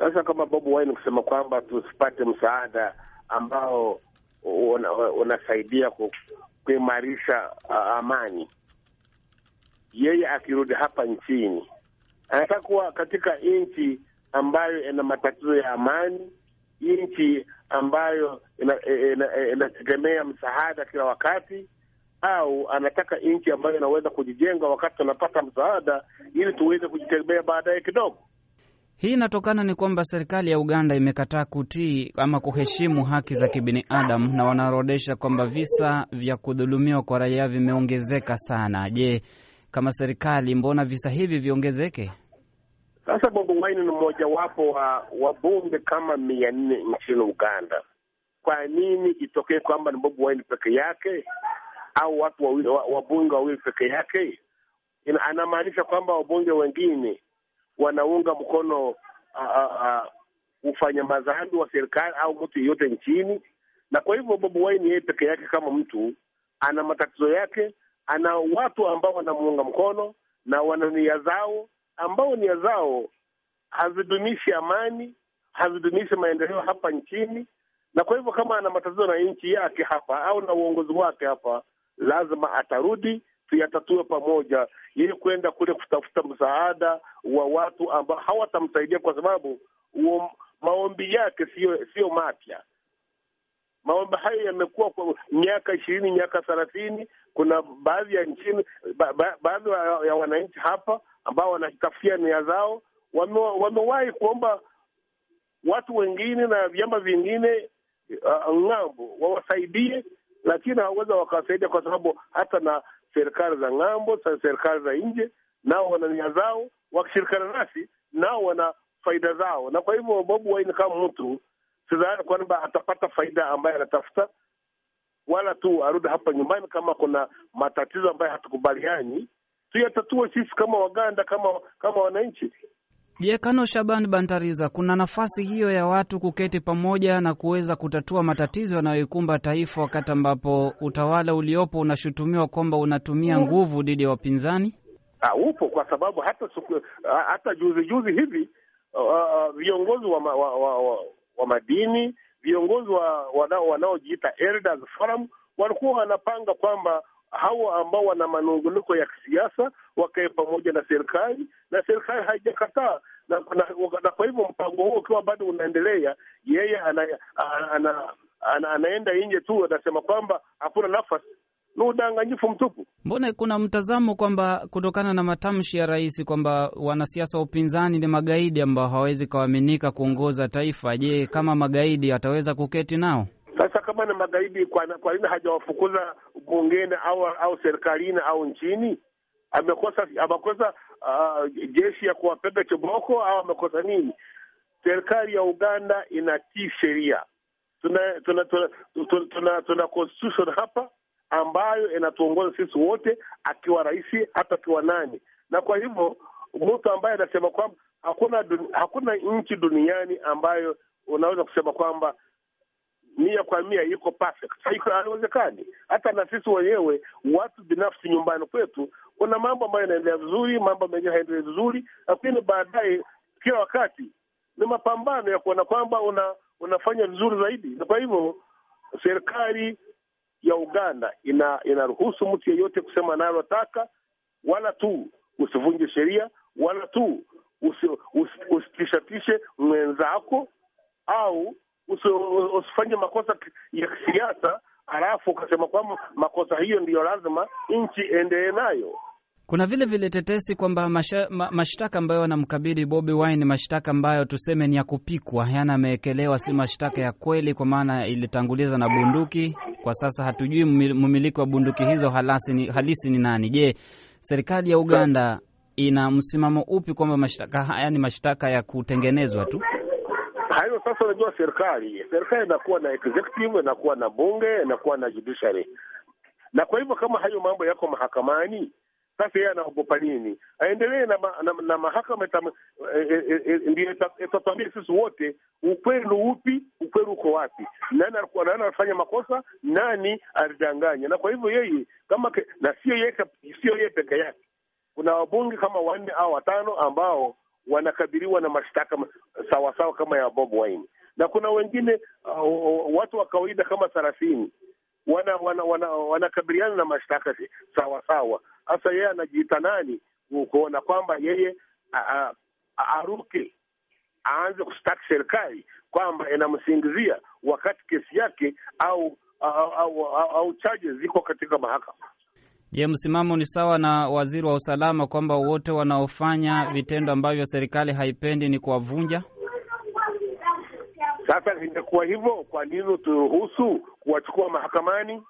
Sasa kama Bobi Wine kusema kwamba tusipate msaada ambao unasaidia kuimarisha amani, yeye akirudi hapa nchini anataka kuwa katika nchi ambayo ina matatizo ya amani, nchi ambayo e, e, inategemea msaada kila wakati, au anataka nchi ambayo inaweza kujijenga wakati anapata msaada, ili tuweze kujitegemea baadaye kidogo. Hii inatokana ni kwamba serikali ya Uganda imekataa kutii ama kuheshimu haki za kibinadamu na wanaorodesha kwamba visa vya kudhulumiwa kwa raia vimeongezeka sana. Je, kama serikali, mbona visa hivi viongezeke? Sasa Bobi Wine ni mmojawapo wa wabunge kama mia nne nchini Uganda. Kwa nini itokee kwamba ni Bobi Wine peke yake au watu wabunge wawili peke yake? Anamaanisha kwamba wabunge wengine wanaunga mkono ufanya madhambi wa serikali au mtu yeyote nchini. Na kwa hivyo Bobi Wine yeye peke yake kama mtu ana matatizo yake, ana watu ambao wanamuunga mkono na wana nia zao, ambao nia zao hazidumishi amani, hazidumishi maendeleo hapa nchini. Na kwa hivyo kama ana matatizo na nchi yake hapa au na uongozi wake hapa, lazima atarudi tuyatatue pamoja, yeye kwenda kule kutafuta msaada wa watu ambao hawatamsaidia kwa sababu um, maombi yake siyo siyo mapya. Maombi hayo yamekuwa kwa miaka ishirini, miaka thelathini. Kuna baadhi ya nchini, ba, ba, baadhi ya wananchi hapa ambao wanatafutia nia zao wamewahi kuomba watu wengine na vyama vingine uh, ng'ambo wawasaidie, lakini hawaweza wakawasaidia kwa sababu hata na serikali za ng'ambo, serikali za nje, nao wana nia zao, wakishirikiana nasi nao wana faida zao. Na kwa hivyo Bobi Wine kama mtu sidhani kwamba atapata faida ambayo anatafuta, wala tu arudi hapa nyumbani. Kama kuna matatizo ambayo hatukubaliani tuyatatue sisi kama Waganda, kama kama wananchi. Je, Kano Shaban Bantariza, kuna nafasi hiyo ya watu kuketi pamoja na kuweza kutatua matatizo yanayoikumba taifa wakati ambapo utawala uliopo unashutumiwa kwamba unatumia nguvu dhidi ya wapinzani? Ha, ah, upo kwa sababu hata suku, ah, hata juzi juzi hivi uh, viongozi wa, ma, wa, wa, wa, wa madini viongozi wa wanaojiita Elders Forum walikuwa wanapanga kwamba hawa ambao wana manunguniko ya kisiasa wakae pamoja na serikali, na serikali haijakataa na, na, na kwa hivyo mpango huo ukiwa bado unaendelea, yeye ana, ana, ana, ana, anaenda nje tu, anasema kwamba hakuna nafasi. Ni udanganyifu mtupu. Mbona kuna mtazamo kwamba kutokana na matamshi ya rais kwamba wanasiasa wa upinzani ni magaidi ambao hawawezi kuaminika kuongoza taifa. Je, kama magaidi ataweza kuketi nao? Sasa kama ni magaidi, kwa, kwa nini hajawafukuza bungeni au au serikalini au nchini? Amekosa amekosa uh, jeshi ya kuwapiga choboko au amekosa nini? Serikali ya Uganda inatii sheria. Tuna tuna tuna, tuna, tuna, tuna constitution hapa ambayo inatuongoza sisi wote, akiwa rais hata akiwa nani. Na kwa hivyo mtu ambaye anasema kwamba hakuna hakuna nchi duniani ambayo unaweza kusema kwamba mia kwa mia iko perfect, haiwezekani. Hata na sisi wenyewe watu binafsi nyumbani kwetu, kuna mambo ambayo yanaendelea vizuri, mambo mengine haendelee vizuri, lakini baadaye, kila wakati ni mapambano ya kuona kwamba una, unafanya vizuri zaidi. Na kwa hivyo serikali ya Uganda ina- inaruhusu mtu yeyote kusema analotaka, wala tu usivunje sheria, wala tu usitishatishe usi, usi, mwenzako au usifanye makosa ya kisiasa halafu ukasema kwamba makosa hiyo ndiyo lazima nchi endee nayo. Kuna vile vile tetesi kwamba mashtaka ma, ambayo wanamkabili Bobi Wine ni mashtaka ambayo tuseme ni ya kupikwa, yana amewekelewa, si mashtaka ya kweli, kwa maana ilitanguliza na bunduki. Kwa sasa hatujui mumiliki wa bunduki hizo halasi ni, halisi ni nani. Je, serikali ya Uganda ina msimamo upi kwamba mashtaka haya ni mashtaka ya kutengenezwa tu? hayo sasa, unajua serikali serikali inakuwa na executive, inakuwa na bunge, inakuwa na judiciary, na kwa hivyo kama hayo mambo yako mahakamani, sasa yeye anaogopa nini? Aendelee na, ma, na, na mahakama eh, eh, eh, ndio itatuambia sisi wote ukweli upi, ukweli uko wapi, nani alifanya makosa, nani alidanganya. Na kwa hivyo yeye kama ke, na sio yeye peke yake, kuna wabunge kama wanne au watano ambao wanakabiliwa na mashtaka sawasawa kama ya Bob Wine, na kuna wengine uh, watu wa kawaida kama thelathini wanakabiliana wana, wana, na mashtaka sawasawa. Hasa yeye anajiita nani kuona kwamba yeye aruke aanze kushtaki serikali kwamba inamsingizia wakati kesi yake au au, au, au, au charges ziko katika mahakama. Je, msimamo ni sawa na waziri wa usalama kwamba wote wanaofanya vitendo ambavyo serikali haipendi ni kuwavunja? Sasa vimekuwa hivyo, kwa nini turuhusu kuwachukua mahakamani?